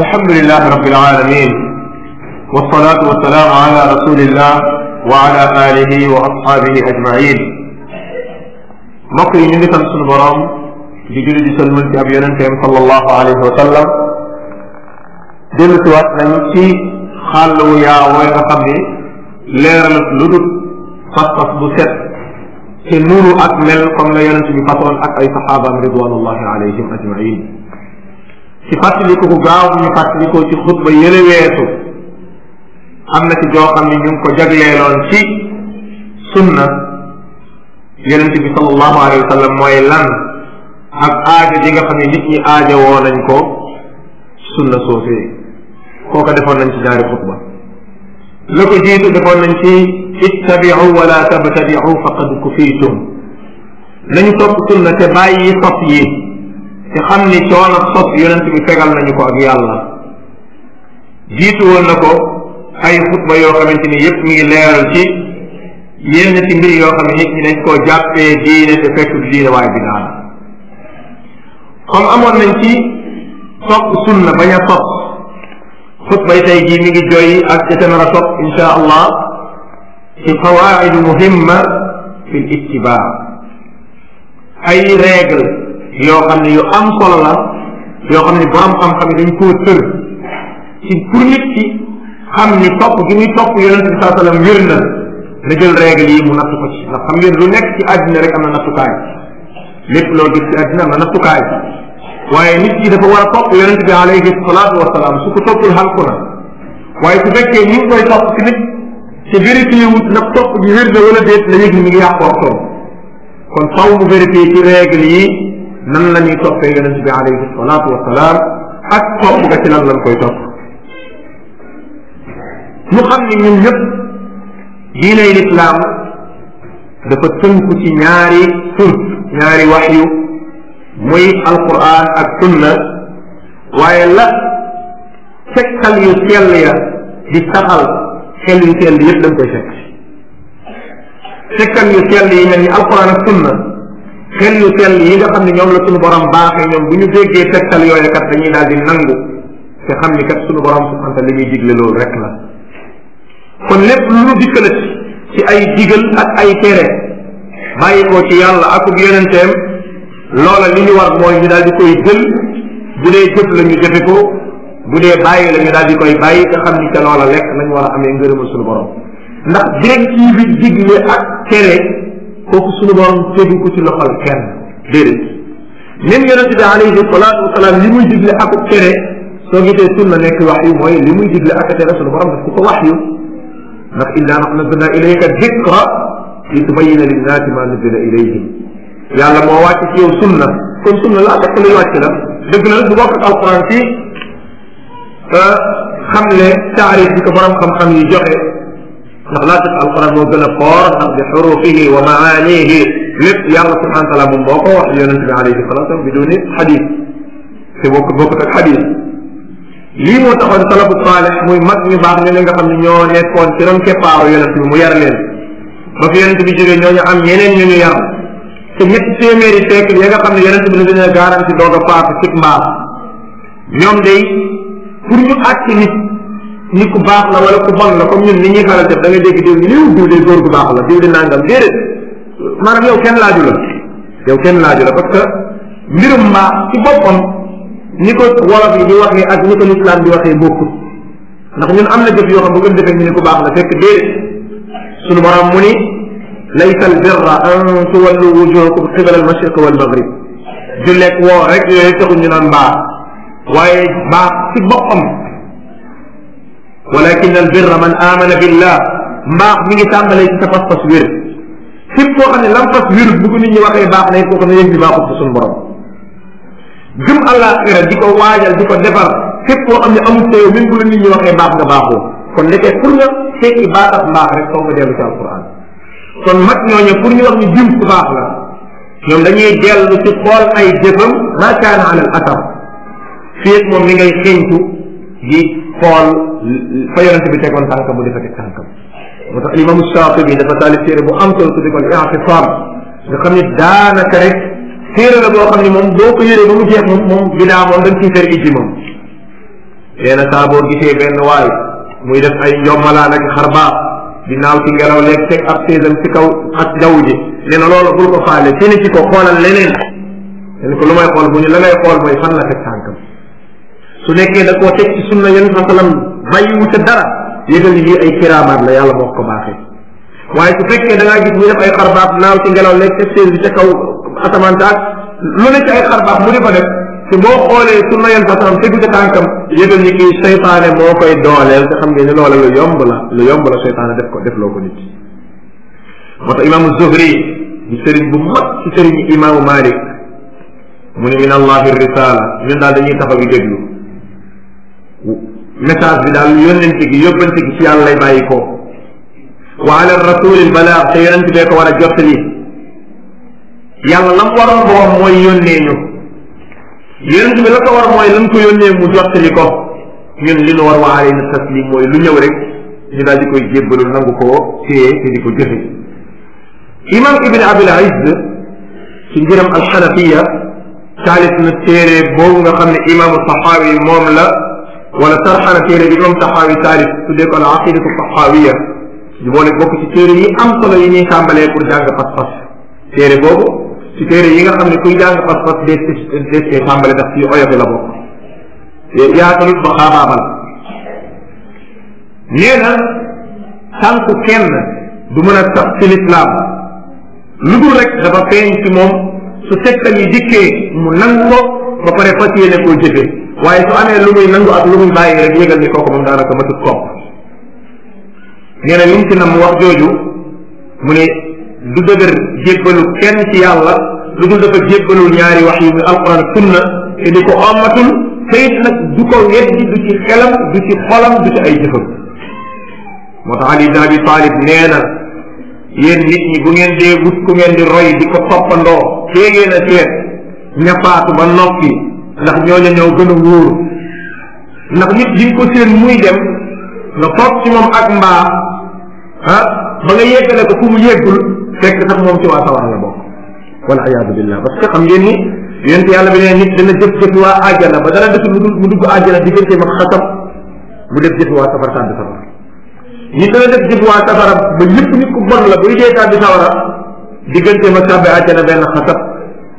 alhamdulilahi rabbil alamin wasalaatu wasalaamu ala rasulillah wa ala alihi wa ashaabihi ajmain mbokk yi ñu ngi sant sunu boroom di julli di sëlmal ci ab yonenteem sallallahu alayhi wa sallam dellu si waat nañu ci xàll wu yaa wooy nga xam ne leeral lu dul pas-pas bu set te nuru ak mel comme la yonent bi façoon ak ay saxaabaam ridwanullahi alayhim ajmain ci fàttaliku bu gaaw bu ñu fàttalikoo ci xutba yële weetu am na ci joo xam ne ñu ngi ko jagleeloon ci sunna yonente bi sallallahu mooy lan ak ji nga xam ne nit ñi aajo woo nañ ko sunna soosee kooka defoon nañ ci ñaari xutba la ko jiitu defoon nañ ci ittabiu wala tabtadiu faqad kufiitum nañu topp sunna te bàyyi yi te xam ni coono sos yonent bi fegal nañu ko ak jiitu woon na ko ay xutba yoo xamante ni yépp mi ngi leeral ci yenn ci mbir yoo xam ne nit ñi dañ koo jàppee diine te fekk du diine waaye bi daal comme amoon nañ ci topp sunna bañ a topp xutbay tey jii mi ngi joy ak itanar a topp insha allah ci qawaidu muhimma fi l ay règle yoo xam ne yu am solo la yoo xam ne borom xam-xam yi dañ koo tër ci pour xam ni topp gi muy topp yonente bi saa sallam wér na na jël règle yi mu nattu ko ci xam ngeen lu nekk ci àddina rek am na nattukaay lépp loo gis ci àddina am na nattukaay waaye nit ki dafa war a topp yonente bi alayhi salaatu wasalaam su ko toppul xalku na waaye su fekkee ñi ngi koy topp ci nit te vérifié wut nag topp gi wér na wala déet la yëg ni mi ngi yàqoor toom kon faw mu vérifié ci règle nan la ñuy toppee yonent bi alayhi salaatu wasalaam ak topp ga ci lan lañ koy topp ñu xam ni ñun ñëpp diiney lislaam dafa tënku ci ñaari tur ñaari waxyu muy alquran ak sunna waaye la fekkal yu sell ya di saxal xel yu sell yëpp dañ koy fekk fekkal yu sell yi mel ni alquran ak sunna xel yu sell yi nga xam ne ñoom la suñu borom baaxee ñoom bu ñu déggee tegtal yooyu kat dañuy daal di nangu te xam ni kat suñu borom subhanahu wa taala li kon lépp lu ñu dikkalati ay digal ak ay tere bàyyi ko ci yàlla akub yonenteem loola li ñu war mooy ñu daal di koy jël bu dee jëf la ñu jëfe ko bu dee bàyyi la ñu di koy bàyyi te xam ni ca loola lekk nañ war a amee ngërëmal suñu borom ndax directives yi digle ak tere kooku suñu borom tegu ko ci loxol kenn déedéet même yonente bi alayhi salaatu wasalaam li muy digle ak tere soo gisee sunna nekk wax yu mooy li muy digle ak tere suñu borom ko ko wax yu ndax inna nahnu nazzalna a dikra li tubayyina linnaasi ma nuzzila ilayhim yàlla moo wàcc ci yow sunna kon sunna la ak lay wàcc la dëgg la du bokk ak alquran ci xam ne taarif bi ko borom xam-xam yi joxe ndax laasit alquran moo gën a foor ndax bi xurufihi wa maanihi lépp yàlla subhanahu wa taala moom moo ko wax yonente bi alayhi salatu bi duni xadis te bokk bokkut ak xadis lii moo taxoon salafu saalix muy mag ñu baax ñu ne nga xam ne ñoo nekkoon ci ron keppaaru yonente bi mu yar leen ba fi yonente bi jógee ñooñu am ñeneen ñu ñu yar te ñetti téeméeri siècle ya nga xam ne yonente bi ne dina garanti doog a faatu ci mbaar ñoom day pour ñu àtt nit ni ku baax la wala ku bon la comme ñun ni ñuy faral def da nga dégg diw liw diw de góor gu baax la diw de nangam déedéet maanaam yow kenn laaju la yow kenn laaju la parce que mbirum mbaax ci boppam ni ko wolof yi di waxee ak ni ko lislaam di waxee bokkut ndax ñun am na jëf yoo xam bu gën defee ñu ne ku baax la fekk déedéet sunu borom mu ni laysa al birra an tuwallu wujuhakum qibala al mashriq wal maghrib ju lekk woo rek yooyu taxul ñu naan mbaax waaye mbaax ci boppam walakin al birra man amana billah mbaax mi ngi tàmbalee ci sa pas-pas wér fépp koo xam ne lam pas wér bu ko nit ñi waxee baax na kooku ne yëg di baaxul ci suñu borom gëm àllaaxira di ko waajal di ko defar fépp koo xam ne amul teew même bu la nit ñi waxee baax nga baaxoo kon nekkee pour nga fekki baaxat mbaax rek foo nga dellu ci alquran kon mag ñooñu pour ñu wax ñu jëm ku baax la ñoom dañuy dellu ci xool ay jëfam ma kaana ala al athar fii moom mi ngay xeeñtu di xool fa yonente bi tegoon tànkam mu di fa teg tànkam moo tax dafa taalif téere bu am solo tuddi ko al-I'tisaam nga xam ne daanaka rek téere la boo xam ne moom boo ko yëree ba mu jeex moom moom bidaa moom dañ ciy fer ijji moom nee na saa boo gisee benn waay muy def ay njommalaan ak xarbaax di naaw ki ngelaw léeg teg ab seesam ci kaw ak jaww ji nee na loolu bul ko faale seen ci ko xoolal leneen leen ko lu may xool bu ñu la ngay xool mooy fan la teg tànkam su nekkee da koo teg ci sunna yonente sallam bàyyiwu ca dara yëgal ni lii ay kiraamaan la yàlla moo ko baaxee waaye su fekkee da ngaa gis ñu def ay xarbaax naaw ci ngelaw lekk ca chaise bi ca kaw asamaan taat lu ne ci ay xarbaax mu di ko def te boo xoolee su noyal fa saxam tegu ca tànkam yëgal ni kii seytaane moo koy dooleel te xam ngeen ne loola lu yomb la lu yomb la def ko def loo ko nit moo tax imaamu Zuhri di sëriñ bu mag ci sëriñ imaamu Malik mu ne min allahi risala ñun daal dañuy taxaw di déglu message bi daal yónnente gi yóbbante gi ci yàlla lay bàyyi ko wa ala rasulil balaa te yónnente bee ko war a jottali yàlla lam waroon ko mooy yónnee ñu yónnente bi la ko war mooy lan ko yónnee mu ko ñun li nu war wa alayna taslim mooy lu ñëw rek ñu daal di koy jébbalu nangu ko téye te di ko jëfe imam ibn abil izz ci ngiram alxanafiya taalif na téere boobu nga xam ne imaamu saxaawi moom la wala sarxana téere bi imam taxaawi taalif tuddee ko al aqidatu taxaawiya di boole bokk ci téere yi am solo yi ñuy tàmbalee pour jàng pas-pas téere boobu ci téere yi nga xam ne kuy jàng pas-pas des des cee tàmbale daf ci oyofi la bokk yaatalut ba xaabaabal nee na tànku kenn du mën a sax ci lislaam lu dul rek dafa feeñ ci moom su tegtal yi dikkee mu nangu ba pare fas yéene koo jëfee waaye su amee lu muy nangu ak lu muy bàyyi rek ni kooku moom daanaka matut kopp nee na lim ci nam wax jooju mu ne du dëgër jébbalu kenn ci yàlla lu dul dafa jébbalul ñaari wax yi muy alquran sunna te ko ommatul te it nag du ko weddi du ci xelam du ci xolam du ci ay jëfam moo tax Ali ibn Abi Talib nee na nit ñi bu ngeen dee wut ku ngeen di roy di ko toppandoo téegee na seet ñapaatu ba noppi ndax ñooñu ñoo gën a wóoru ndax nit di nga ko séen muy dem nga toog ci moom ak mbaa ah ba nga yeggale ko fu mu yeggul fekk sax moom ci waa sawar la bokk wal ayaadu billah parce que xam ngeen ni yonent yàlla bi ne nit dana jëf jëfi waa àjjana ba dara desul lu mu dugg àjjana diggante mag xatam mu def jëfi waa safar tàbbi safara nit dana def jëfi waa safara ba lépp nit ku bon la buy dee tàbbi sawara diggante mag tàbbi àjjana benn xatam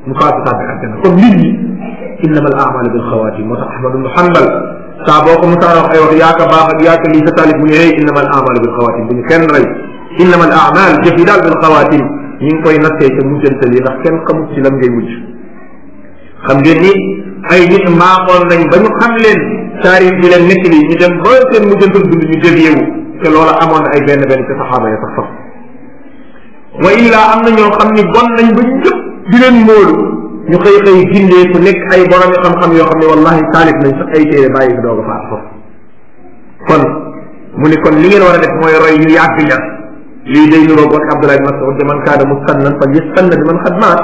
mu faatu tàbbi àjjana comme nit ñi innama al amalu bil xawaatim moo a Ahmad ibn Hanbal saa boo ko mosaan wax ay wax yaa ka baax ak yaa ka lii sa taalif mu ne hey innama al amalu bil xawaatim bu ñu kenn rey innama al amal jëf yi daal bil xawaatim ñu ngi koy nattee ca mujjantal yi ndax kenn xamut ci lan ngay xam ngeen ay nit maaxoon nañ ba ñu xam leen taarif bi leen nekk li ñu dem ba seen mujjantal dund ñu dévié wu te loola amoon na ay benn benn ca saxaaba ya sax sax wa illaa am na ñoo xam ni bon nañ ba ñëpp di ñu xëy xëy gindee ku nekk ay borom xam-xam yoo xam ne wallahi taalif nañ sax ay téere bàyyi doog a faat foofu kon mu ne kon li ngeen war a def mooy roy ñu yàgg ña lii day niroog ak Abdullah ibn Mas'ud man kaana mustannan fal yastanna bi man xad maat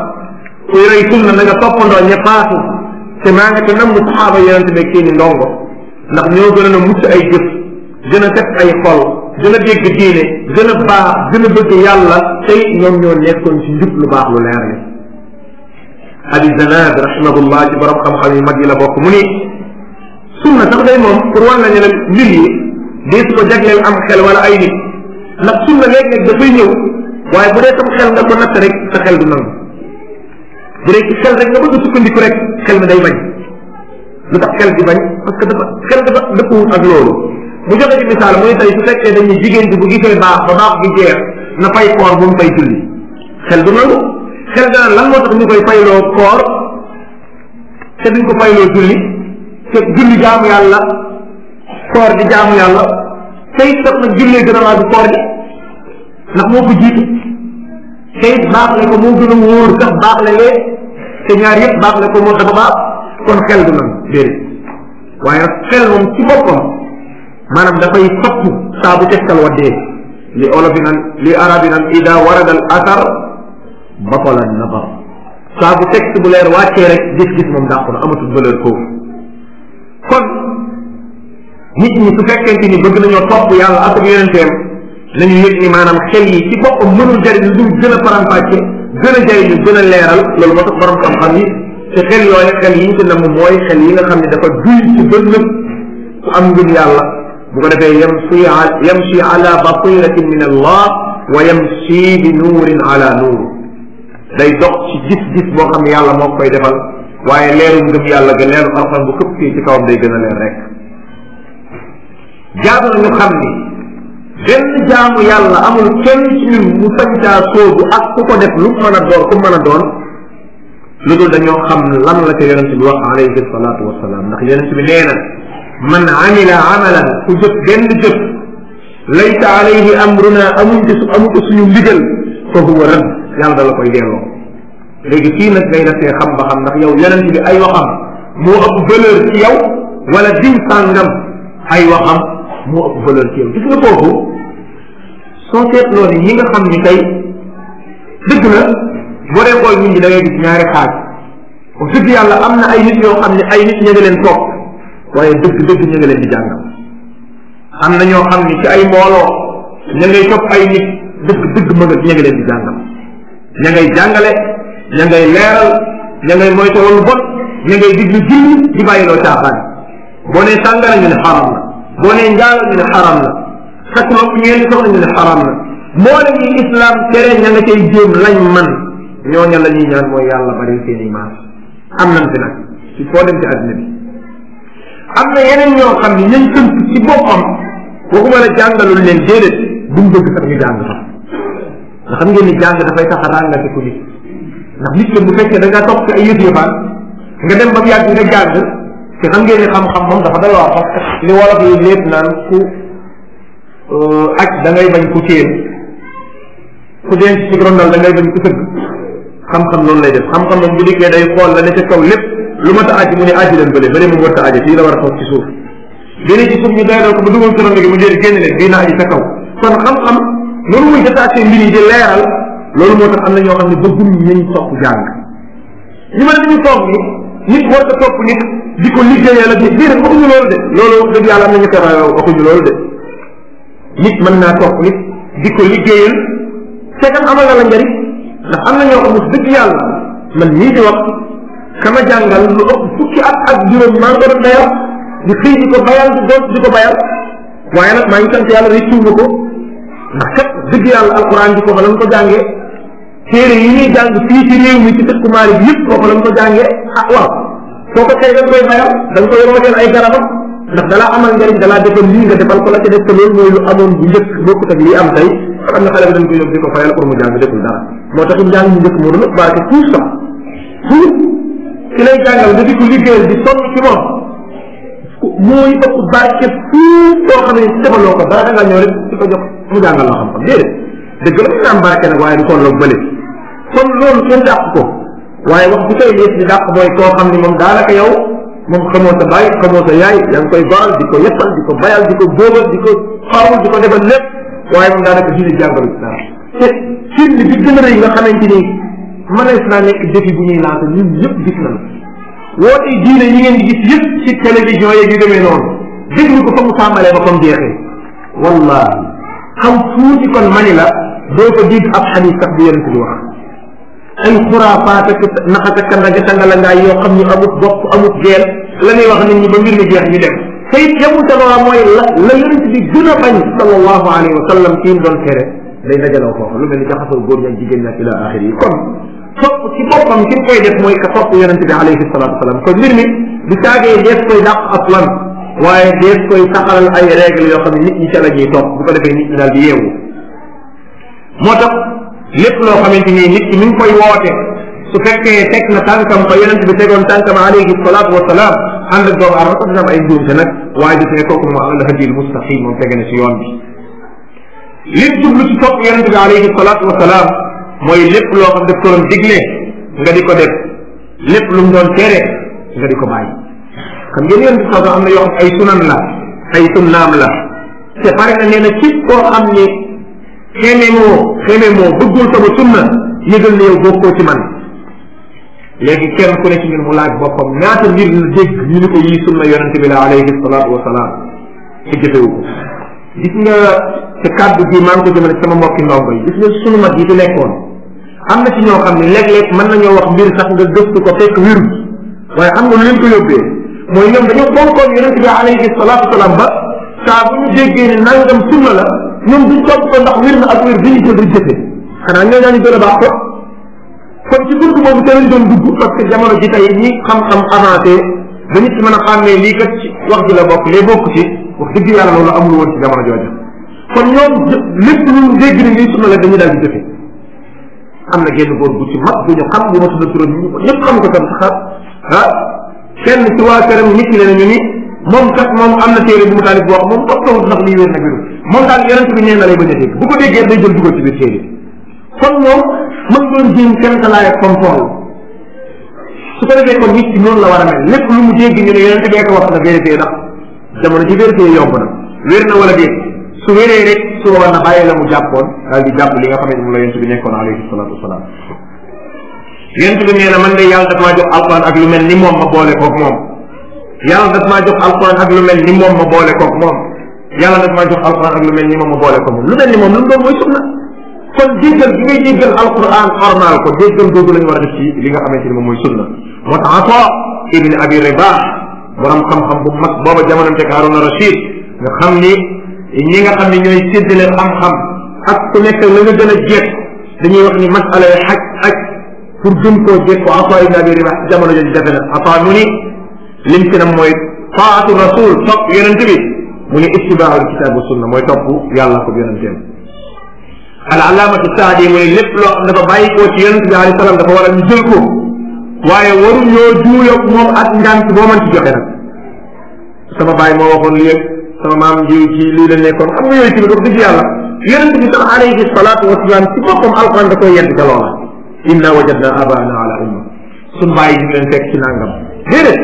kuy roy sunna na nga toppandoo a faatu te maa nga te nam mu saxaaba yonente beeg seeni ndongo ndax ñoo gën a mucc ay jëf gën a set ay xol gën a dégg diine gën a baax gën a bëgg yàlla tey ñoom ñoo nekkoon ci lu baax lu leer li Ali Zanad rahimahullah ci borom xam-xam yu mag yi la bokk mu ni sunna sax day moom pour wan la ne la mbir yi dee su ko jagleel am xel wala ay nit ndax sunna léeg-léeg dafay ñëw waaye bu dee tam xel nga ko natt rek sa xel du nangu bu dee ci xel rek nga bëgg a rek xel mi day bañ lu tax xel di bañ parce que dafa xel dafa dëppuwul ak loolu mu joxe ci misaal muy tey su fekkee dañuy jigéen bi bu gisee baax ba baax bi jeex na fay koor bu mu fay xel du nangu xel dana lan moo tax ñu koy fayloo koor te duñ ko fayloo julli te julli jaamu yàlla koor di jaamu yàlla tey sax nag jullee gën a laaj koor gi ndax moo ko jiitu tey baax le ko moo gën a wóor baax le lee te ñaar yëpp baax le ko moo dafa baax kon xel du noonu déedéet waaye nag xel moom ci boppam maanaam dafay soppi saa bu tegtal waddee li olof yi naan li arab yi ida warada al athar batalan nazar saa bu texte leer wàccee rek gis-gis moom dàqu na amatul valeur foofu kon nit ñi su fekkente ni bëgg nañoo topp yàlla ak yonenteem nañu yëg ni maanaam xel yi ci boppam mënul jariñ lu gën a faram a jariñu te xel yooyu xel yi ñu ci namm mooy xel yi nga xam ne dafa duy ci bënnëb ku am ngëm yàlla bu ko defee yamsi yamsi ala basiratin min allah wa yamsi bi nuurin ala nuur day dox ci gis-gis boo xam ne yàlla moo koy defal waaye leeru ngëm yàlla ga leeru alxuraan bu këpp ci kawam day gën a leer rek jaadu na ñu xam ni benn jaamu yàlla amul kenn ci ñun mu sañtaa sóobu ak ku ko def lu mën a doon ku mën a doon lu dul dañoo xam lan la ca yonente bi wax alayhi salaatu wasalaam ndax yonente bi nee na amila amalan ku jëf benn jëf laysa alayhi amruna amul ci amul ko suñu ndigal huwa radd yàlla da la koy delloo léegi kii nag ngay nattee xam ba xam ndax yow yonent bi ay waxam moo ëpp valeur ci yow wala diw sàngam ay waxam moo ëpp valeur ci yow gis nga foofu soo seetloo ni ñi nga xam ni tey dëgg na boo yi xool nit ñi da ngay gis ñaari xaaj wax dëgg yàlla am na ne ay nit ñu ngi leen waaye dëgg dëgg ñu leen di jàngal am na ñoo xam ni ci ay mbooloo ña ngay topp ay nit dëgg dëgg mën a ña ngi leen di jàngal ña ngay jàngale ña ngay leeral ña ngay moytoo lu bon ña ngay diglu julli di bàyyiloo caaxaan boo nee sàngara ñu ne xaram la boo nee njaal ñu ne xaram la takk nopp ñeenti soxna ñu ne xaram moo la ñuy islam tere ña nga cay jéem lañ man ñooña la ñuy ñaan mooy yàlla bari seen imaam am nañ fi ci foo dem ci adduna bi am na yeneen ñoo xam ne ñañ tënk ci boppam waxuma la jàngalul leen déedéet duñ bëgg sax ñu jàng nga xam ngeen ni jàng dafay tax a ràngate ku nit ndax nit ki bu fekkee da nga topp ci ay yëf yëfaan nga dem ba mu yàgg nga jàng te xam ngeen ni xam-xam moom dafa doy waar parce que li wolof yi lépp naan ku euh, aj da ngay bañ ku téen ku denc ci rondal da ngay bañ ku sëgg xam-xam noonu lay def xam-xam moom bu dikkee day xool la ne ca kaw lépp lu mat a aj mu ne aji leen bële bële moom warta aji fii la war a toog ci suuf beneen ci ci rond gi mu jël génn leen bii na aji ca kaw noonu muy détaché mbir loolu moo tax am na ñoo xam ne bëggul nañ topp jàng ñu mel ni ñu toog ni nit war a topp nit di ko liggéeyal ak nit déedéet waxuñu loolu de loolu wax ñu loolu de nit mën naa topp di ko liggéeyal fekkam ndax am na ñoo dëgg yàlla man nii di wax sama jàngal lu ëpp fukki at ak juróom maa ngi doon bayal di xëy ko bayal di ko bayal waaye nag maa ngi sant yàlla rek tuuma ko ndax kat dëgg yàlla alquran bi foofa la ko jàngee téere yi ñuy jàng fii ci réew mi ci dëkku maari bi yëpp foofa lañ ko jàngee ah waaw soo ko tey da koy mayal dañ koy rooteel ay garabam ndax dalaa amal njëriñ dalaa defal lii nga defal ko la ca def te loolu mooy lu amoon bu njëkk bokkut ak lii am tey am na xale bi dañ koy yóbbu di ko fayal pour mu jàng deful dara moo tax njàng mu njëkk moo doon barke tout ça tout ki lay jàngal nga di ko liggéeyal di sonn ci moom mooy ëpp barke fuuf loo xam ne defaloo ko dara da ngaa ñëw rek di ko mu jàngal loo xam ko déedéet dëgg la ñu am barke nag waaye du tolloo bële kon loolu kenn dàq ko waaye wax bu koy yées di dàq mooy koo xam ne moom daanaka yow moom xamoo sa baay xamoo sa yaay yaa ngi koy baal di ko yëppal di ko bayal di ko góobal di ko xaawul di ko defal lépp waaye moom daanaka diine jàngalu dara te firnde bi gën a rëy nga xamante ni mënees naa nekk défi bu ñuy laata ñun ñëpp gis nañu woote diine yi ngeen di gis yëpp ci télévision yeeg yu ko fa mu tàmbalee ba fa mu jeexee wallahi xam tuuti kon mani la doo ko dégg ab xadis sax bi yonent bi wax ay xuraafaat ak naxata kandaga tangalangaay yoo xam ni amut bopp amut geen la ñuy wax nit ñi ba mbir mi jeex ñu dem te it yamu tabaa mooy la la yonent bi gën a bañ sallallahu alayhi wa sallam ci doon tere day dajaloo foofu lu mel ni jaxasoo góor ñi ak jigéen ñi ak ila axiri yi kon topp ci boppam ki koy def mooy ka topp yonente bi alayhi salatu wasalam kon mbir mi du caagee dees koy dàq aslan waaye dees koy saxalal ay règle yoo xam ne nit ñi ca la ñuy bu ko defee nit ñi daal di yeewu moo tax lépp loo xamante ni nit ki mi ngi koy woote su fekkee teg na tànkam fa yonente bi tegoon tànkam alayhi salatu wasalaam ànd ak doomu aadama dina am ay njuumte nag waaye du tee kooku moom al hadi al mustaqim moom tege na ci yoon bi lépp jublu ci topp yonente mooy lépp loo xam daf ko doon nga di ko def lépp lu doon tere nga di ko bàyyi xam ngeen yéen sax am na yoo xam ay sunan la ay sunnaam la te pare na nee na ci koo xam ni xeme moo xeme moo bëggul sama sunna yëgal na yow bokkoo ci man léegi kenn ku ne ci ñun mu laaj boppam ñaata mbir la dégg ñu ni ko yi sunna yonente bi la alayhi salaatu wasalaam te jëfewu ko gis nga te kàddu gi maa ngi ko jëmale sama mbokki ndongo yi gis nga sunu fi nekkoon am na ci ñoo xam ne léeg-léeg mën ñoo wax mbir sax nga gëstu ko fekk wéru waaye xam nga lu leen ko yóbbee mooy ñoom dañoo bonkoon yonent bi alayhi salaatu wasalaam ba saa bu ñu déggee ne nangam sunna la ñoom duñ topp ndax wér na ak wér bi ñu jël di jëfe xanaa ñoo ñaani gën a baax ko kon ci buntu boobu bu lañ doon dugg parce que jamono ji tey ñi xam-xam avancé ba nit ci mën a xàmmee lii kat wax ji la bokk lee bokk ci wax dëgg yàlla loolu amul woon ci jamono jooju kon ñoom lépp lu dégg ne lii dañu daal di jëfe am na génn góor gu ci mag bu ñu xam bu ma tudd turam ñëpp xam ko tam sax ah kenn ci waa këram nit ñi ñu ni moom kat moom am na téere bu mu taalif boo xam moom toppatawut ndax liy wér ak wéru moom daal yonent bi ñeen na lay bañ a dégg ko déggee day jël dugal ci biir téere kon moom mën doon jéem kenn ka laay ak comme tool ko defee kon nit ci la war a mel lépp lu mu dégg ñu ne yonent bee ko wax na vérité ndax jamono ji vérité yomb na wér na wala déet su wéree coono na bàyyi la mu jàppoon daal di jàpp li nga xam ne moom la yonent bi nekkoon alayhi salaatu wasalaam yonent bi nee na man de yàlla daf maa jox alquran ak lu mel ni moom ma boole koog moom yàlla daf maa jox alquran ak lu mel ni moom ma boole koog moom yàlla daf maa jox alquran ak lu mel ni moom ma boole koog moom lu mel ni moom lu mu doon mooy kon jéggal bi ngay jéggal alquran xormaal ko jéggal googu la ñu war a li nga xamante ni moom mooy sunna moo tax Ata ibn Abi Rabah borom xam-xam bu mag booba jamonante ak Haruna Rashid nga xam ni ñi nga xam ne ñooy séddale xam-xam ak ku nekk la nga gën a jekk dañuy wax ni masala yi xaj xaj pour gën koo jekk ko ataa ibn abi riba jamono jooju jafe na ataa mu ni lim ci nam mooy taatu rasul topp yonente bi mu ni ittibaaul kitaab wa sunna mooy topp yàlla ko yonenteem al alaamatu saadi mu ni lépp loo xam dafa bàyyi koo ci yonente bi alayhi salaam dafa waral ñu jël ko waaye waru ñoo juuyoog moom ak ngant boo mën ci joxe nag sama bàyyi moo waxoon lii sama maam jiw ci lii la nekkoon xam nga yooyu tamit wax dëgg yàlla yonent bi sax alayhi salaatu wasalaam ci boppam alquran da koy yedd ca loola inna wajadna abana ala umma suñu bàyyi ñu leen fekk ci nangam déedéet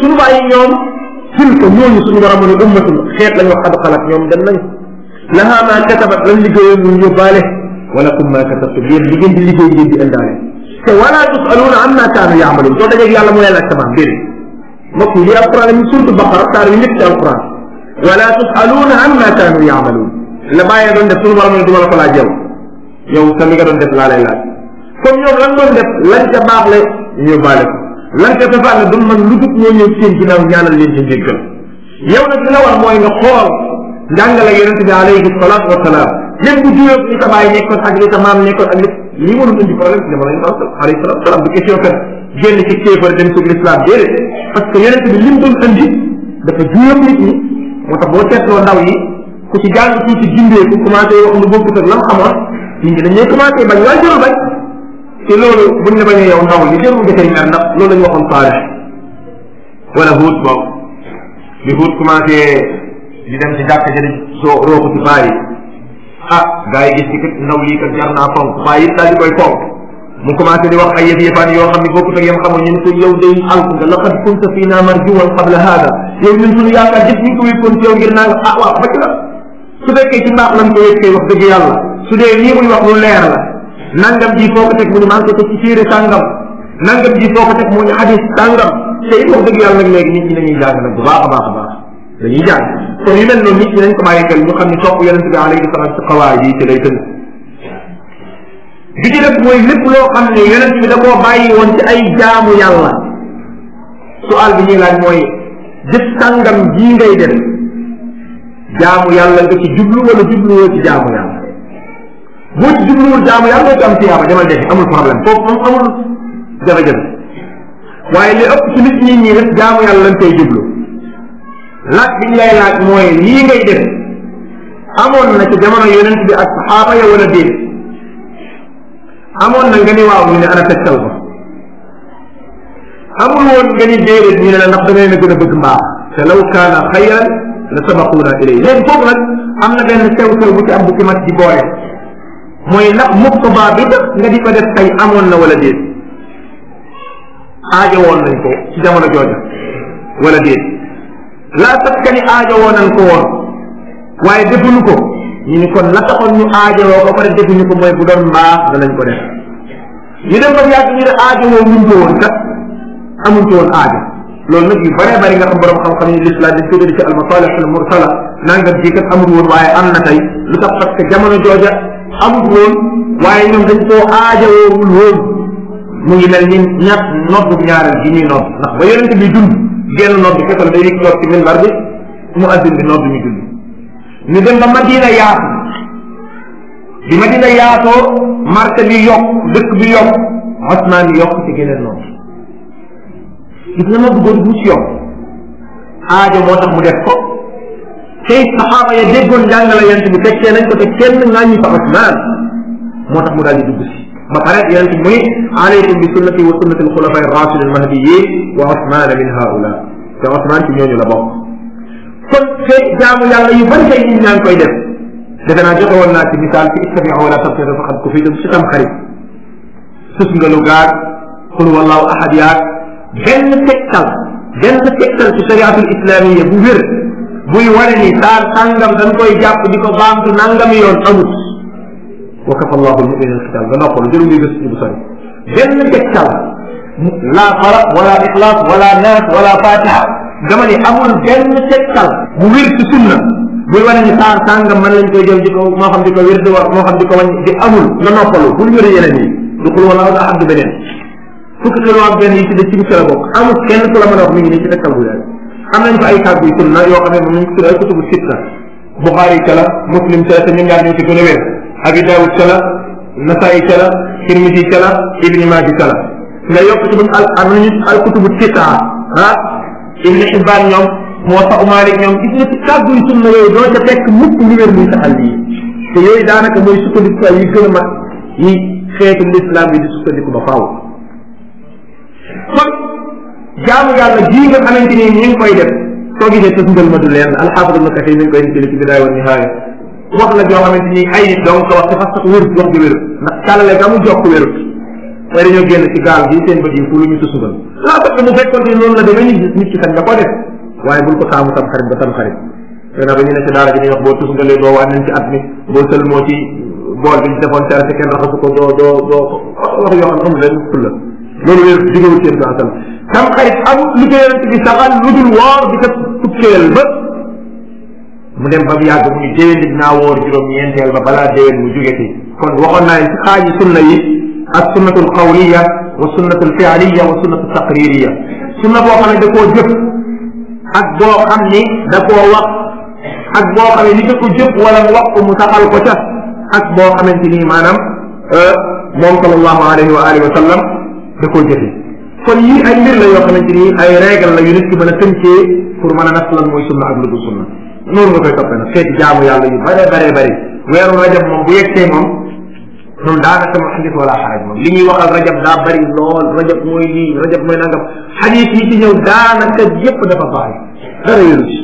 suñu bàyyi ñoom tilka ñooñu suñu war a mën a ummatul xeet lañu wax xad xalat ñoom dem nañ laha maa katabat lañ liggéeyoon ñu yóbbaale wala kum maa katabtum yéen li ngeen di liggéey ngeen di indaale te wala tusaluuna am naa kaanu yaamaluun soo dajeeg yàlla mu leen ak samaam déedéet mbokk yi alquran la ñu surtout baqara saar yu njëkk ci alquran wala tusaluuna amma kaanu yaamaluun la bàyyee doon def suñu borom ne du ma la ko laaj yow yow sa li nga doon def laa lay laaj comme ñoom lan doon def lan ca baax la ñu baale ko lan ca safaan la duñ mën lu dut ñoo ñëw seen ginnaaw ñaanal leen ci yow nag li la mooy nga xool njàngale yonente bi alayhi salaatu wa salaam même bu li sa bàyyi nekkoon ak li sa si jamono yonente alayhi salaatu wa salaam du question que génn ci dem sug l'islam déedéet parce que yonente bi lim doon da dafa moo tax boo seetloo ndaw yi ku ci jàng tuuti gindeeku commencé wax lu bokkut ak lam xamoon nit ñi dañuy commencé bañ waaye jarul bañ te loolu buñ ne bañee yow ndaw li jarul nga cay mer ndax loolu la ñu waxoon Saalix wala Huud boobu bi Huud commencé di dem ci jàkka ja di soo rooku ci bàyyi ah, yi gis ci kat ndaw lii kat jar naa fonk bàyyi daal di koy fonk mu commencé di wax ay yëf yëfaan yoo xam ne bokkut yam xamoon ñu ne ko yow day alku nga laqad kunta marjuwan qabla hada yow ñun suñu yaakaar yëpp ñu ngi ko wékkoon ci yow ngir ah la su fekkee ci mbaax lañ ko wékkee wax dëgg yàlla su dee lii muy wax la nangam ji foo ko teg mu ne maa ngi ko teg ci téere sàngam nangam ji ko teg mu ne xadis wax dëgg yàlla nag léegi nit ñi dañuy jàng nag bu baax a baax a baax dañuy jàng kon yu mel noonu nit ñi ko bàyyi xel ñu xam lay bi ci def mooy lépp loo xam ne yonent bi da koo bàyyi woon ci ay jaamu yàlla sual bi ñuy laaj mooy jëf sàngam jii ngay def jaamu yàlla nga ci jublu wala jubluwoo ci jaamu yàlla boo ci jubluwul jaamu yàlla doo ci am tiyaaba demal defi amul problème foofu moom amul jafe-jafe waaye li ëpp ci nit ñi ñi def jaamu yàlla lañ koy jublu laaj bi ñu lay laaj mooy lii ngay def amoon na ci jamono yonent bi ak saxaaba ya wala déet amoon na nga waaw ñu ne ana tegtal ko amul woon nga ni déedéet ñu ne la na gën a bëgg mbaax te law kaana xayran la sabaquuna ilay léegi foofu nag am na benn sew sew bu ci am bu ci mag di boole mooy ndax muqtaba bi tax di ko def tey amoon na wala déet aajo woon nañ ko ci jamono jooja wala déet laa sax ka ni aajo woon nañ ko woon ko ñu ni kon la ko ñu aajowoo ko pare defuñu ko mooy bu doon mbaax danañ ko def ñu dem ba yàgg ñu ne woon kat amuñ ko aajo loolu na yu bëree bëri nga xam borom xam-xam yi l'islam di séddale ci almasalih al mursala nangam ji kat amul woon waaye am na tey lu tax parce que jamono jooja amul woon waaye ñoom dañ koo aajowoowul woon mu ngi mel ni ñàkk noddu ñaareel gi ñuy nodd ndax ba yonente bi dund genn nodd kese la day rik mu addin bi nodd ñu dund ñu dem ba Madina yaatu bi Madina yaatoo marché bi yokk dëkk bi yokk osman bi yokk ci geneen noonu gis nga ma bëggoon bu ci yokk aajo moo tax mu def ko tey saxaaba ya déggoon njàngale yent bi fekkee nañ ko te kenn ŋàññi fa osman moo tax mu daal di dugg si ba pare yonent bi mu ni alaykum bi sunnati wa sunnati alxulafa arrachidin almahdiyin wa osmana min haula te osman ci ñooñu la bokk kon kay jaamu yàlla yu bëri kay nit ñaa ngi koy def defe naa joxe woon naa ci misaal ci istabiu wala tabte dafa xam ko fii dem si tam xarit sus nga lu gaag xul wallahu ahad yaag benn tegtal benn tegtal ci shariatul islamiya bu wér buy wane ni saa sàngam dañ koy jàpp di ko baamtu nangami yoon amut wa kafa allahu almumin alqital nga noppal jëru ngay gëstu ci bu sori benn tegtal la fara wala ixlaas wala naas wala fatiha dama ne amul benn tegtal bu wér ci sunna buy wane ni saar sàngam mën lañ koy jël di ko moo xam di ko wér di wax moo xam di ko wàññi di amul nga noppalu bul wér yeneen yi du xul wala wala addu beneen fukki xel ak benn yi ci des ci biir la bokk amul kenn ku la mën a wax mi ngi nii ci tegtal bu leer am nañ fa ay kàddu yu sunna yoo xam ne moom lañ tuddee ay kutubu sitta Buxaari ca la Muslim ca la te ñoom ñaar ñoo ci gën a wér Abi Daawud ca la Nasaayi ca la Tirmidi ca la Ibni Maaji ca la nga yokk ci buñ al am nañu al kutubu sitta ah Ibn Hibbaan ñoom Muwatta Maalik ñoom gis nga ci kàdduy sunna yooyu doo ca fekk mukk lu wér muy saxal lii te yooyu daanaka mooy sukkandikuwaay yi gën a mag yi xeetu lislaam yi di sukkandiku ba faaw kon jaamu yàlla jii nga xamante ni ñu ngi koy def soo gisee tës ngël ma du leen alxaafid ibnu Kasiir mi ngi koy indi ci bidaaya wa nihaaya wax la joo xamante ni ay nit dong ko wax te fas sax wérut wax ju wérut ndax tàllale ga mu jokk wérut mooy dañoo génn ci gaal gi seen bët yi fu lu ñu susugal laa ah parce que mu fekkoon ne loolu la demee nit nit ki tam da ko def waaye bul ko saamu tam xarit ba tam xarit xanaa ba ñu ne ci daara ji dañuy wax boo tusungalee doo wàññi ci at mi boo sël moo ci bool bi ñu defoon cere ci kenn raxasu ko doo doo doo wax yoo xam ne dañu fulla loolu weer digawul seen ba asal tam xarit amul lu ko yonent bi saxal lu dul woor di ko tukkeel ba mu dem ba mu yàgg mu ñu déwén dinaa woor juróom ñeenteel ba balaa déwén mu jóge ci kon waxoon naa xaaji sunna yi ak sunnatul qawliya wa sunnatul fi'liya wa sunnatul taqririya sunna boo xam ne da koo jëf ak boo xam ni da koo wax ak boo xam ne ni da ko jëf wala wax ko mu saxal ko ca ak boo xamante ni maanaam euh, moom sallallahu alayhi wa alihi wa sallam da koo jëfe kon yii ay mbir la yoo xamante ni ay règle la yu nit ki mën a tënkee pour mën a natt lan mooy sunna ak lu dul sunna noonu nga koy toppee nag xeeti jaamu yàlla yu bare bare bare weeru rajab moom bu yegsee moom moom daanaka mu xadis wala xaraj moom li ñuy waxal rajab daa bëri lool rajab mooy lii rajab mooy nangam xadis yi ci ñëw daanaka yépp dafa baax dara yoru ci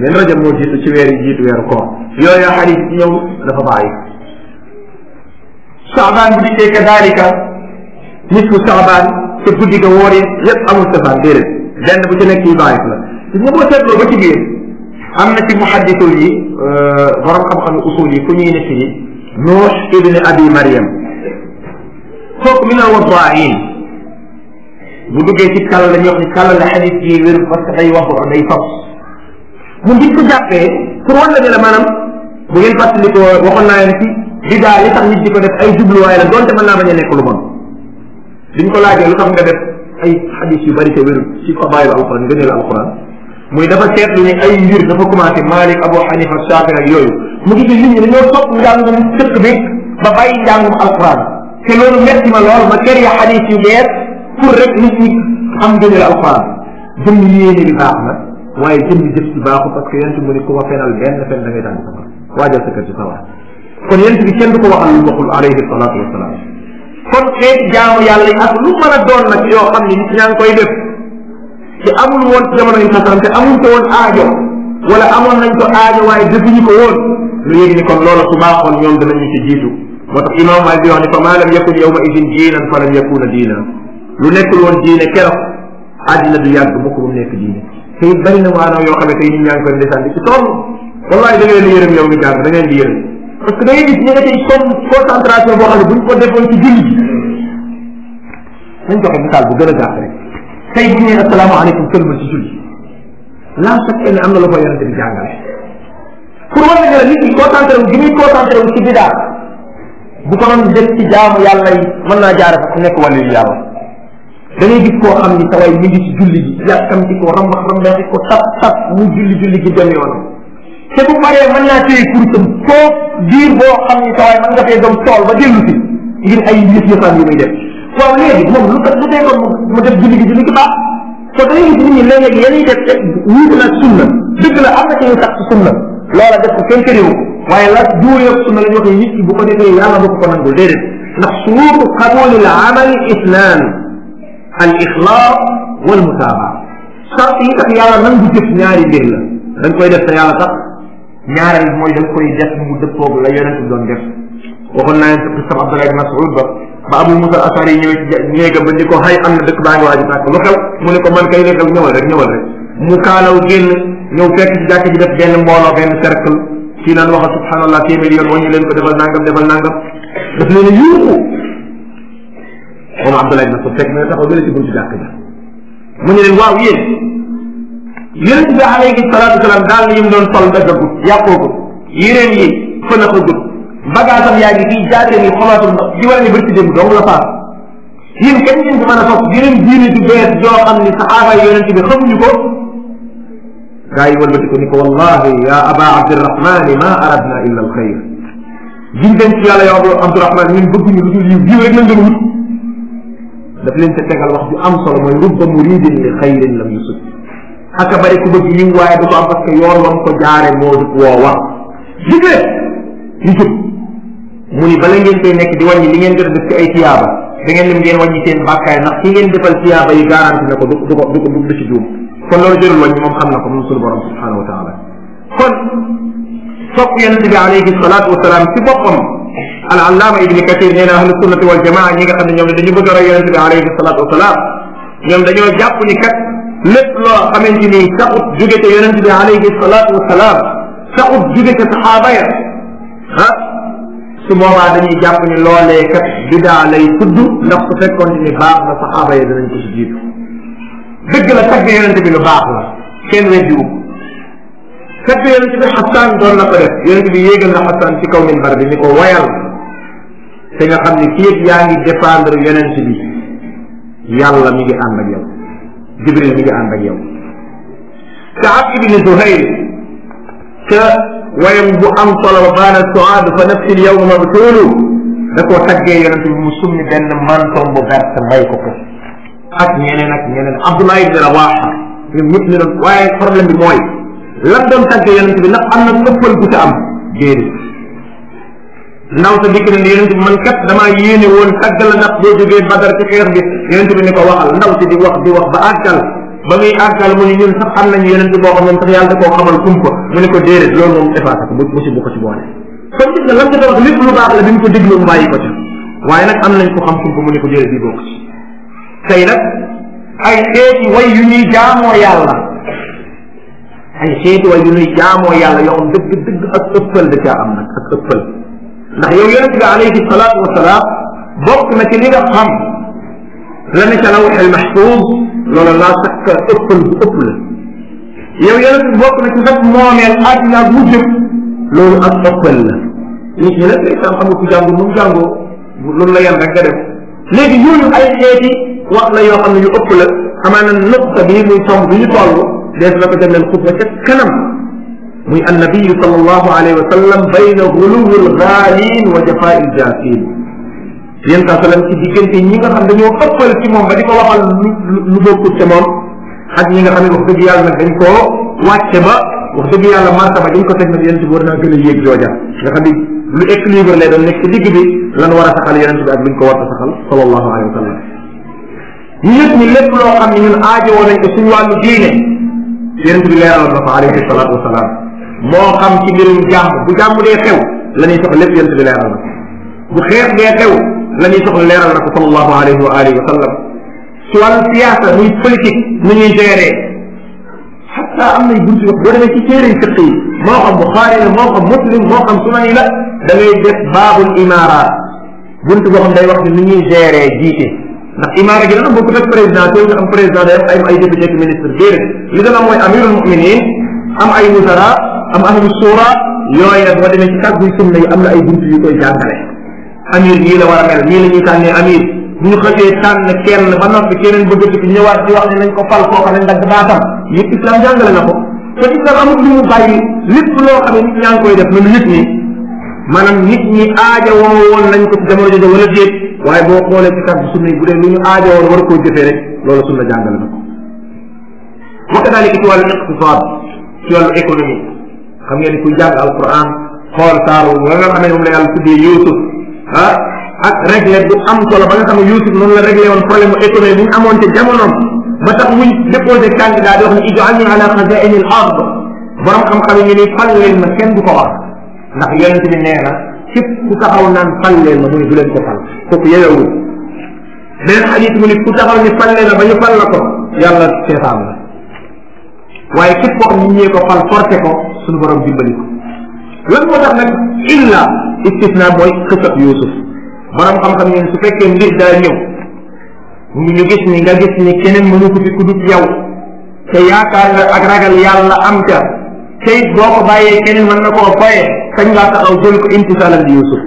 leen rajab moo jiitu ci weer yi jiitu weeru koor yooyu xadis yi ci ñëw dafa baax saabaan bi dikkee ka daalika nisfu saabaan te guddi ga woor yi yépp amul safaan déedéet benn bu ci nekk yi baax la gis nga boo seetloo ba ci biir am na ci muhaddisul yi euh, borom xam-xam usul yi ku ñuy nekk yi nuux ibni abi mariam kooku mi la wadaain bu duggee ci kàll la ñuy wax ni kàll la xadis yi wér parce que day waxu day fab mu njëkk ko jàppee pour wan la ne la maanaam bu ngeen fàttali ko waxoon naa leen ci bidaa li tax nit di ko def ay jubluwaay la doonte mën naa bañ a nekk lu bon biñ ko laajee lu tax nga def ay xadis yu bari te wérul ci fadaayilu alquran ngëneelu alquran muy dafa seetlu ne ay mbir dafa commencé Malik Abu Hanifa Shafi ak yooyu mu gis ne nit ñi dañoo topp njàngum sëkk bi ba bàyyi njàngum alquran te loolu metti ma lool ma kër ya xadis yu leer pour rek nit ñi am gënal alquran jëm yéene bi baax na waaye jëm jëf ci baaxu parce que yent mu ne ku ma fenal benn fen da ngay daan safar waajal sa kër ci sawar kon yent bi kenn du ko waxal lu waxul alayhi salaatu wasalaam kon xeeti jaamu yàlla yi ak lu mën a doon nag yoo xam ne nit ñaa ngi koy def te amul woon jamono yu tasam te amul ko woon aajo wala amoon nañ ko aajo waaye defuñu ko woon léegi ni kon loola su baaxoon ñoom danañu ci jiitu moo tax imam Maalik di wax ni fa maa lam yakun yawma idin diinan fa lam yakuna diina lu nekkul woon diine keroog àddina du yàgg mukk ba mu nekk diine te it bari na waanaw yoo xam ne tey ñun ñaa ngi koy ndeysaan di ci toll wallahi da ngeen di yërëm yow mi jàng da ngeen di yërëm parce que da ngay gis ñu nga tey comme concentration boo xam ne buñ ko defoon ci julli ji nañ joxe misaal bu gën a gaaw rek tey bu ñu nee asalaamaaleykum sëlmal ci julli laa saq ne am na la ko yonente bi jàngale pour wane ne la nit ñi concentré wu gi muy concentré wu ci bidaa bu ko doon def ci jaamu yàlla yi mën naa jaare fa nekk wàllu yu da ngay gis koo xam ni taway mi ko rambax rambaxi ko tap mu julli julli gi dem yoonam te bu paree mën naa téye kursam toog diir boo xam ni taway mën nga fee dem tool ba dellu si ngir ay yëf yëfaan yi muy def waaw léegi moom lu tax lu tey kon mu def julli gi julli gi baax te da ngay gis nit ñi léeg-léeg yéenay def te wuute na sunna dëgg la am na ci ñu sax ci sunna loola def ko kenn waaye la juure ak sunna la ñu waxee nit ki bu ko defee yàlla du ko ko nangul déedéet ndax suruutu qabuuli l amali isnaan al ixlaas wal mutaabaa sart yi tax yàlla nangu jëf ñaari mbir la da koy def te yàlla tax ñaareel mooy da nga koy def mu dëppoog la yonent doon def waxoon naa leen sama Abdullah ibn Mas'ud ba ba Abu Musa Asari ñëwee ci néegam ba ni ko xay am na dëkk baa ngi waaj a tàkk lu xew mu ne ko man kay nekkal ñëwal rek ñëwal rek mu kaalaw génn ñëw fekk ci jàkk ji def benn mbooloo benn cercle kii naan waxa subhanallah téeméer yoon wañu leen ko defal nangam defal nangam daf leen a yuuxu moom Abdoulaye ibn Mas'ud fekk na taxaw ñu ne ci buntu jàkk ja mu ne leen waaw yéen yonent bi alayhi salaatu salaam daal li mu bagage am yaa ngi fii jaatee nii war a ñu bëri ci démb dong la faatu yéen kenn ngeen ko mën a topp yeneen diine ju bees joo xam ni saxaaba yi yonent bi xamuñu ko gaa ko ni wallahi ya aba abdirahmani ma aradna illa alxayr giñ leen ci yàlla yow abdurahman ñun bëgguñu lu dul daf leen ca tegal wax ju am solo mooy muridin li xayrin lam yusuf aka bari ku bëgg yiw waaye du ko am parce que yoon wam ko jaare moo jub woowa gis nga ñu jub mu ni bala ngeen koy nekk di wàññi li ngeen jot def ci ay tiyaaba da ngeen dem ngeen wàññi seen bàkkaay ndax ki ngeen defal tiyaaba yi garanti na ko du du ko du ko du ci juum kon loolu jërul wàññi moom xam na ko moom sunu borom subhanahu wa taala kon sopp yonente bi alayhi salaatu wasalaam ci boppam al allaama ibni kathir nee na ahlu sunnati wal jamaa ñi nga xam ne ñoom dañu bëgg a roy yonente bi alayhi salaatu wasalaam ñoom dañoo jàpp ni kat lépp loo xamante ni saxut jóge ca yonente bi alayhi salaatu wasalaam saxut jóge ca saxaaba ya ah su boobaa dañuy jàpp ni loolee kat bidaa lay tudd ndax su fekkoon ni baax na saxaaba yi danañ ko si jiitu dëgg la tagg yonente bi lu baax la kenn weddi wu tagg yonente bi xasaan doon na ko def yonente bi yéegal na xasaan ci kaw minbar bi ni ko wayal te nga xam ne fii yaa ngi défendre yonente bi yàlla mi ngi ànd ak yow jibril mi ngi ànd ak yow Kaab ibni Zuhayr ca ويمض أمطل وقال السعاد فنفسي a مبتول da koo taggee yonent bi mu summi benn manton bu vert may ko ko ak ñeneen ak ñeneen Abdoulaye ibn Rawaha ñun ñëpp ñu doon waaye problème bi mooy lan doon taggee yonent bi ndax am na ëppal bu ci am déedéet ndaw sa dikk ne yonent bi man kat damaa yéene woon tagg la ndax boo Badar ci xeer bi yonent bi ni ko waxal ndaw si di wax di wax ba àggal ba muy àggal mu ne ñun sax am nañu yeneen ci boo xam ne sax yàlla da koo xamal kumpa mu ne ko déedéet loolu moom effacé ko mu ci bu ko ci boole kon gis nga lan nga wax la bi ñu ko dégloo mu bàyyi ko ca waaye nag am nañ ko xam kumpa mu ne ko déedéet bii bokk ci tey nag ay xeeti way yu ñuy jaamoo yàlla ay xeeti way yu ñuy jaamoo yàlla yoo xam dëgg dëgg ak ëppal da caa am nag ak ëppal ndax yow yonent bi alayhi na ci li nga la ne ca lawxel mahfuus loola laa sakka ëppal bu ëpp yow yonent bi bokk na ci sax moomeel àddina ak mu jëm loolu ak ku jàngul mu jàngoo loolu la yan rek nga def léegi yooyu ay xeeti wax la yoo xam ne yu ëpp la xamaa na nuqta bii muy tomb bi ñu toll dees na ko demel xutba ca kanam muy annabiyu sallallahu alayhi wa sallam bayna guluwi alxaalin yéen saa salaam ci diggante ñi nga xam dañoo ëppal ci ba di ko waxal lu lu bokkut ci moom ak nga xam ne wax dëgg yàlla nag dañ koo wàcce ba wax dëgg yàlla martaba dañ ko teg nag yonent bi war naa gën a yéeg jooja nga xam ni lu équilibre lay doon nekk ci digg bi lan war a saxal yonent bi ak luñ ko war a saxal sallallahu alayhi wa sallam ñu yëg ni lépp loo xam ne ñun aajowoo nañ ko suñu wàllu na ko alayhi salaatu wasalaam moo xam ci mbirum jàmm bu jàmm dee xew la ñuy soxla lépp yonent bi leeral na bu xeex la ñuy soxla leeral na ko sallallahu alayhi wa alihi wa sallam si wàllu siyaasa muy politique nu ñuy gérer xatta am nay buntu wax boo demee ci téere fiq yi moo xam Buxaari la moo xam Muslim moo xam sunan yi la da ngay def baabul imaara buntu boo xam day wax ni nu ñuy gérer jiite ndax imaara gi dana bokkut ak président tey nga am président day am ay ay député ak ministre déedéet li dana mooy amirul muminin am ay wusara am ahlu suura yooyu nag boo demee ci kàddu sunna yi am na ay buntu yu koy jàngale amir nii la war a mel nii la ñuy tànnee amir bu ñu xëccee tànn kenn ba noppi keneen bëgg ci ñëwaat di wax ne nañ ko fal kooka nañ dagg baatam yëpp islam jàngale na ko te islam amul lu mu bàyyi lépp loo xam ne nit ñaa ngi koy def nañu nit ñi maanaam nit ñi aaja woo woon nañ ko ci jamono jooju wala déet waaye boo xoolee ci kàddu sunna yi bu dee lu ñu aaja woon war koo jëfee rek loolu sunna jàngale na ko wa kadalika ci wàllu iqtisaad ci wàllu économie xam ngeen ni kuy jàng alquran xool saaru la nga xam ne moom la yàlla tuddee yusuf ah ak régler bu am solo ba nga xam ne Youssouf noonu la réglé woon problème mu économie bu ñu amoon ci jamonoom ba tax buñ déposé candidat di wax ne ij'alni ala xazaini al ard borom xam-xam yi ñu ne fal leen ma kenn du ko wax ndax yonent bi nee na képp ku taxaw naan fal leen ma mu ne du leen ko fal kooku yeyewul beneen xadis mu ne ku taxaw ni fal leen ma ba ñu fal la ko yàlla seetaan la waaye képp koo xam ne ñee ko fal forcé ko suñu borom dimbali ko lan moo tax nag illa istisna mooy xësab Yuusuf borom xam-xam ne su fekkee mbir daa ñëw ñu gis ni nga gis ni keneen mënu ko fi ku dut yow te yaakaar nga ak ragal yàlla am ca te it boo ko bàyyee keneen mën na koo foye sañ ngaa taxaw jël ko imtisaalan bi Yuusuf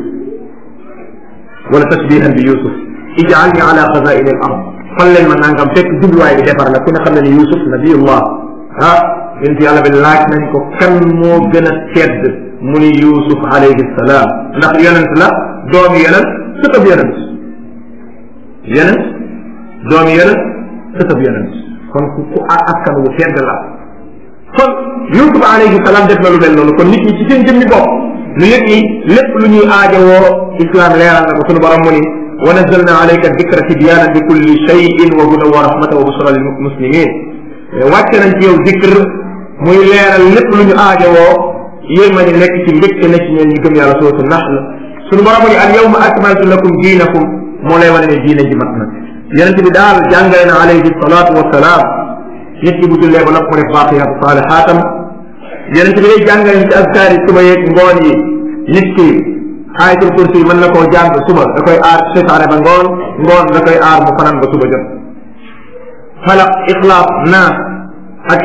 wala tasbihan bi Yuusuf ij'alni ala xazaa'ini al-ard fal leen ma nangam fekk jubluwaay bi defar la ku ne ah, yàlla bi laaj nañ ko kan moo gën a tedd mu ni Yuusuf alayhi salaam ndax yonent la doomi yonent sëtëb yonent yonent doomi yonent sëtëb yonent kon ku ku askan wu tedd la kon Yuusuf alayhi salaam def na lu mel noonu kon nit ñi ci seen jëmmi bopp nu nit ñi lépp lu ñuy aajowoo islam leeral na ko sunu borom mu ni wa nazzalna alayka dikra tibyaanan li kulli shay'in wa hudan wa rahmatan wa bushra lil muslimin wàcce nañ ci yow dikr muy leeral lépp lu ñu aajowoo yërmande nekk ci mbégte na ci ñeen ñi gëm yàlla soosu nax la suñu borom ni al yawma akmaltu lakum diinakum moo lay wane ne diine ji mat na yonente bi daal jàngale na alayhi salaatu wasalaam nit ki bu jullee ba nopp mu def baaqiyaat saalihaatam yonente bi day jàngale ci askar yi suba yeeg ngoon yi nit ki kursi mën na koo jàng suba da koy aar seetaane ba ngoon ngoon da koy aar mu fanaan ba suba jot falaq ixlaas naas ak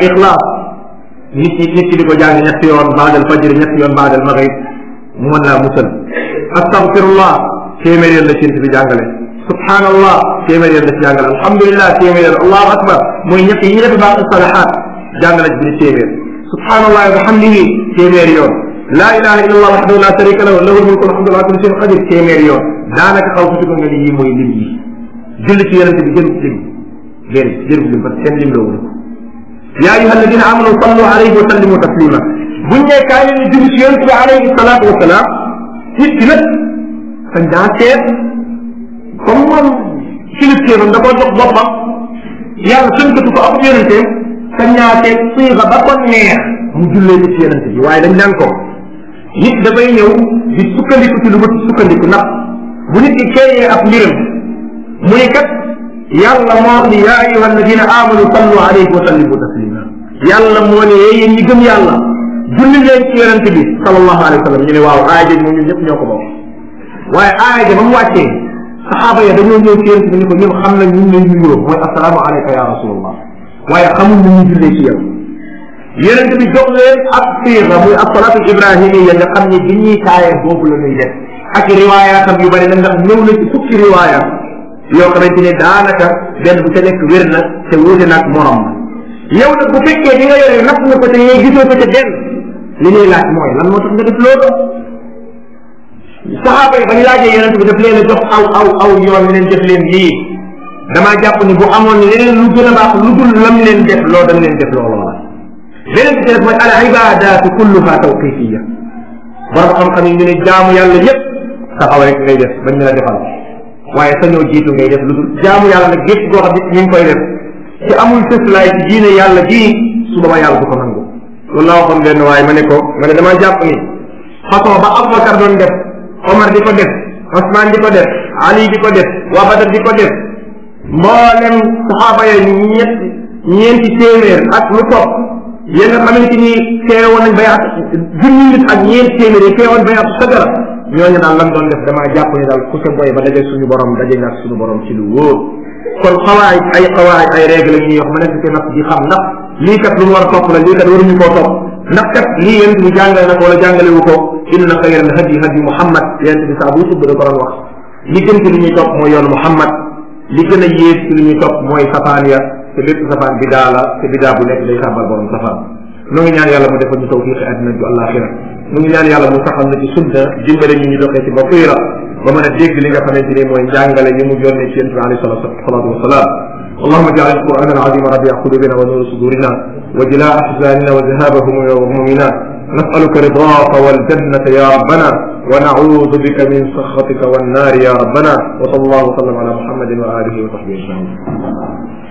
nit ñi nit ki di ko jàng ñetti yoon baadal fajri ñetti yoon baadal maghrib mu mën laa musal astaghfirullah téeméer yoon la ci nit bi jàngale subhanallah téeméer yoon la ci jàngale alhamdulilah téeméer yoon allahu akbar muy ñett yi def baax salahat jàngale ci biir téeméer subhanallah wa bihamdihi téeméer yoon laa ilaha illa allah wahdahu la sharika lahu lahu mulku alhamdu ala kulli shay'in qadir téeméer yoon daanaka xaw sutuko nga ni yi mooy lim yi julli ci yonente bi jëru ci lim jëru jëru lim parce que seen lim la wulu yaa ayyuha alladina amanu sallu alayhi wa sallimu taslima buñ ne kaay leen di julli ci yonent bi alayhi salaatu wa salaam nit ki nag sañ daa seet comme moom kilifteefam da koo jox boppam yàlla tënkatu ko ak yonenteem sañ naa seet siixa ba ko neex mu jullee ci yonent bi waaye dañ daan ko nit dafay ñëw di sukkandiku ci lu bët sukkandiku ndax bu nit ki créé ab mbiram mu ne kat yàlla moo wax ni yaa ayuha alladina amanu sallu alayhi wa sallimu taslima yàlla moo ne yee yéen ñi gëm yàlla julli leen ci yonent bi sallallahu alayhi wa sallam ñu ne waaw aaya jooju moom ñun ñëpp ñoo ko bokk waaye aaya ja ba mu wàccee saxaaba ya dañoo ñëw ci yonent bi ni ko ñun xam nañ ñun lañu nuyoo mooy asalaamu alayka ya rasulallah waaye xamul nu ñuy jullee ci yow yonent bi jox leen ab siira muy ab salaatu ibrahimiya nga xam ne bi ñuy taayee boobu la ñuy def ak riwaayaatam yu bari na ndax ñëw na ci fukki riwaayaat yoo xamante ne daanaka benn bu ca nekk wér na te wuute na ak morom yow nag bu fekkee li nga yore napp nga ko te yee benn li ñuy laaj mooy lan moo tax nga def loolu saxaaba ba ñu laajee yonent leen a jox aw aw aw yoon wi def leen lii damaa jàpp ni bu amoon leneen lu gën a lu dul lam leen def loo dam leen def loolu la leneen bi ci def mooy al ibadaatu kulluha tawqifiya borom xam-xam yi ñu ne jaamu yàlla yépp taxaw rek ngay def bañ la defal waaye sañoo jiitu ngay def lu dul jaamu yàlla nag gépp goo xam nit ñu ngi koy def ci amul sëslaay ci yàlla jii su booba yàlla du ko nangu loolu laa waxoon waaye ma ne ko ma ne damaa jàpp ni façon ba Abubakar doon def Omar di ko def di ko def Ali di ko def saxaaba ya ñett ñeenti téeméer ak lu topp yéen nga xamante ni teewoon nañ bayaat ñooñu daal lan doon def damaa jàpp ne daal ku ca boy ba daje suñu borom daje nga ak borom ci lu kon xawaay ay xawaay ay règle yi ñuy wax ma nekk ci nag di xam ndax lii kat lu mu war a topp la lii kat waruñu koo topp ndax kat lii yéen ñu jàngale na ko wala jàngale wu ko inna xayra al hadi hadi muhammad yéen bi saa bu tudd da ko doon wax li gën ci li ñuy topp mooy yoonu muhammad li gën a yées li ñuy topp mooy safaan ya te lépp safaan bidaa la te bidaa bu nekk day xamal borom safaan nu ngi ñaan yàlla mu defal ñu tawfiqi àddina ju àllaaxira nu ngi ñaan yàlla mu saxal na ci sunna dimbale ñu ñu doxee ci basiira ba mën a dégg li nga xamante ni mooy njàngale yi mu yónnee ci yonent bi alayhi salaatu wasalaam allahumma jaal alquran alazim rabia qulubina wa nuura sudurina wa jilaa ahzanina wa zahaba humumina wa humumina nasaluka ridaaka waljannata ya rabbana wa naudu bika min saxatika wannaari ya rabbana wa sallallahu wa sallam ala muhammadin wa alihi wa sahbihi ajmain